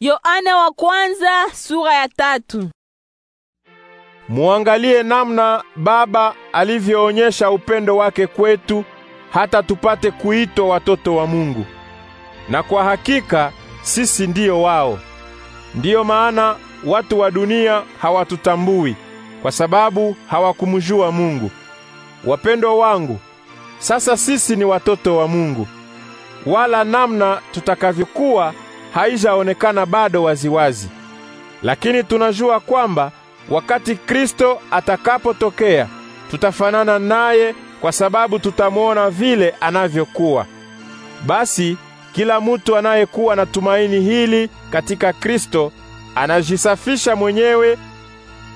Yohana wa kwanza sura ya tatu. Muangalie namna Baba alivyoonyesha upendo wake kwetu hata tupate kuitwa watoto wa Mungu. Na kwa hakika sisi ndiyo wao. Ndiyo maana watu wa dunia hawatutambui kwa sababu hawakumjua Mungu. Wapendo wangu, sasa sisi ni watoto wa Mungu. Wala namna tutakavyokuwa haijaonekana bado waziwazi, lakini tunajua kwamba wakati Kristo atakapotokea tutafanana naye, kwa sababu tutamwona vile anavyokuwa. Basi kila mtu anayekuwa na tumaini hili katika Kristo anajisafisha mwenyewe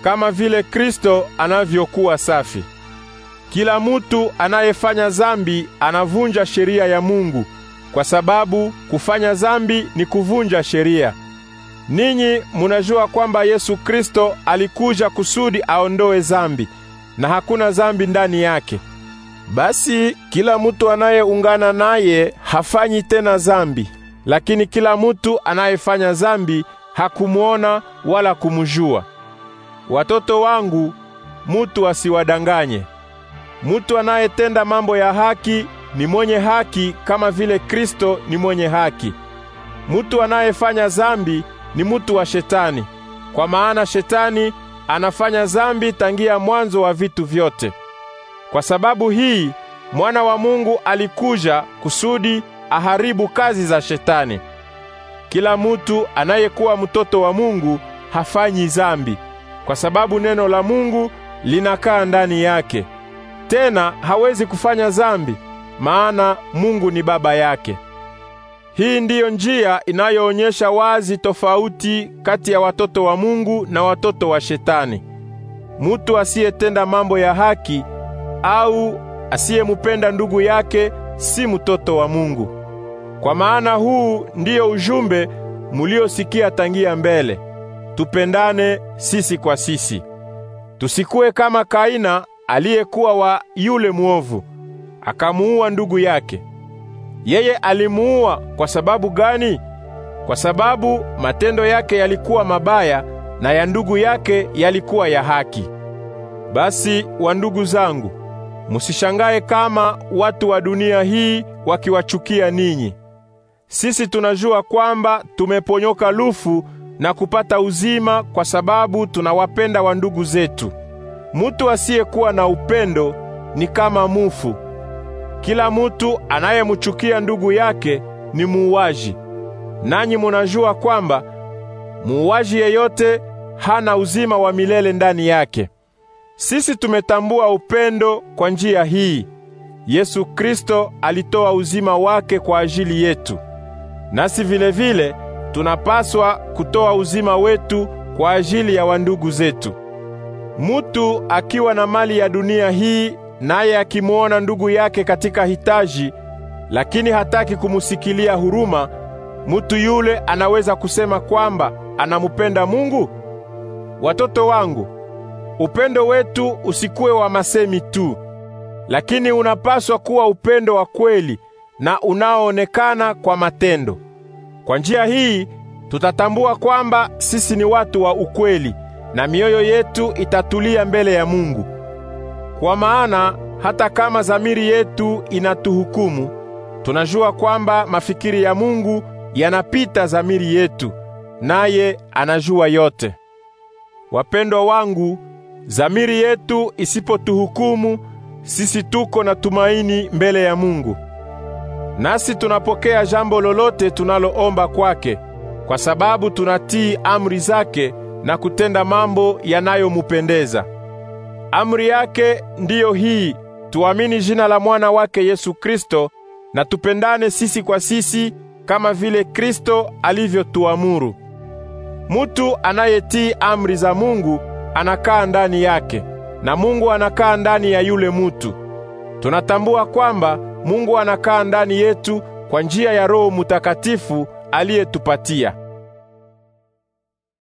kama vile Kristo anavyokuwa safi. Kila mtu anayefanya zambi anavunja sheria ya Mungu kwa sababu kufanya zambi ni kuvunja sheria. Ninyi munajua kwamba Yesu Kristo alikuja kusudi aondoe zambi na hakuna zambi ndani yake. Basi kila mutu anayeungana naye hafanyi tena zambi, lakini kila mutu anayefanya zambi hakumwona wala kumjua. Watoto wangu, mutu asiwadanganye. Mutu anayetenda mambo ya haki ni mwenye haki kama vile Kristo ni mwenye haki. Mutu anayefanya zambi ni mutu wa shetani, kwa maana shetani anafanya zambi tangia mwanzo wa vitu vyote. Kwa sababu hii mwana wa Mungu alikuja kusudi aharibu kazi za shetani. Kila mutu anayekuwa mtoto wa Mungu hafanyi zambi, kwa sababu neno la Mungu linakaa ndani yake. Tena hawezi kufanya zambi maana Mungu ni baba yake. Hii ndiyo njia inayoonyesha wazi tofauti kati ya watoto wa Mungu na watoto wa Shetani. Mutu asiyetenda mambo ya haki au asiyemupenda ndugu yake si mtoto wa Mungu. Kwa maana huu ndiyo ujumbe muliosikia tangia mbele, tupendane sisi kwa sisi. Tusikuwe kama Kaina aliyekuwa wa yule mwovu akamuua ndugu yake. Yeye alimuua kwa sababu gani? Kwa sababu matendo yake yalikuwa mabaya na ya ndugu yake yalikuwa ya haki. Basi wandugu zangu, musishangae kama watu wa dunia hii wakiwachukia ninyi. Sisi tunajua kwamba tumeponyoka lufu na kupata uzima kwa sababu tunawapenda wandugu zetu. Mutu asiyekuwa na upendo ni kama mufu. Kila mutu anayemchukia ndugu yake ni muuaji, nanyi munajua kwamba muuaji yeyote hana uzima wa milele ndani yake. Sisi tumetambua upendo kwa njia hii. Yesu Kristo alitoa uzima wake kwa ajili yetu. Nasi vile vile tunapaswa kutoa uzima wetu kwa ajili ya wandugu zetu. Mutu akiwa na mali ya dunia hii naye akimwona ndugu yake katika hitaji, lakini hataki kumusikilia huruma, mutu yule anaweza kusema kwamba anamupenda Mungu? Watoto wangu, upendo wetu usikuwe wa masemi tu, lakini unapaswa kuwa upendo wa kweli na unaoonekana kwa matendo. Kwa njia hii tutatambua kwamba sisi ni watu wa ukweli na mioyo yetu itatulia mbele ya Mungu. Kwa maana hata kama zamiri yetu inatuhukumu, tunajua kwamba mafikiri ya Mungu yanapita zamiri yetu, naye anajua yote. Wapendwa wangu, zamiri yetu isipotuhukumu, sisi tuko na tumaini mbele ya Mungu. Nasi tunapokea jambo lolote tunaloomba kwake, kwa sababu tunatii amri zake na kutenda mambo yanayomupendeza. Amri yake ndiyo hii: tuamini jina la mwana wake Yesu Kristo na tupendane sisi kwa sisi kama vile Kristo alivyotuamuru. Mutu anayetii amri za Mungu anakaa ndani yake na Mungu anakaa ndani ya yule mutu. Tunatambua kwamba Mungu anakaa ndani yetu kwa njia ya Roho Mutakatifu aliyetupatia.